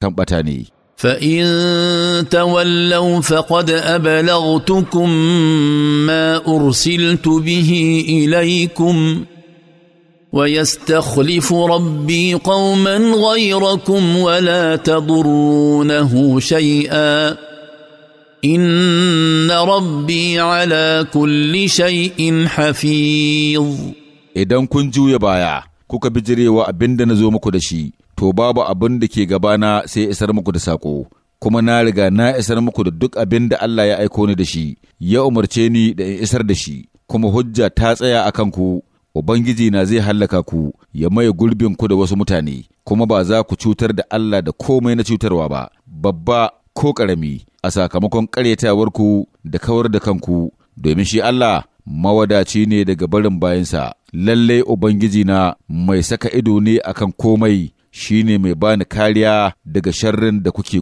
kan ɓata ne. فإن تولوا فقد أبلغتكم ما أرسلت به إليكم ويستخلف ربي قوما غيركم ولا تضرونه شيئا إن ربي على كل شيء حفيظ إذا كنت يا بايا kuka bijirewa abin da na zo muku da shi to babu abin da ke gabana sai isar muku da sako kuma na riga na isar muku da duk abin da Allah ya aiko ni da shi, ya umarce ni da in isar da shi, kuma hujja ta tsaya a kanku, Ubangiji na zai hallaka ku, ya maye gurbin ku da wasu mutane, kuma ba za ku cutar da Allah da komai na cutarwa ba, babba ko karami a sakamakon ƙaryatawarku da kawar da kanku, domin shi Allah mawadaci ne daga barin bayansa, lallai Ubangiji na mai saka ido ne akan komai shi ne mai bani kariya daga sharrin da kuke